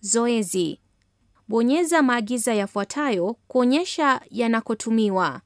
Zoezi: bonyeza maagiza yafuatayo kuonyesha yanakotumiwa.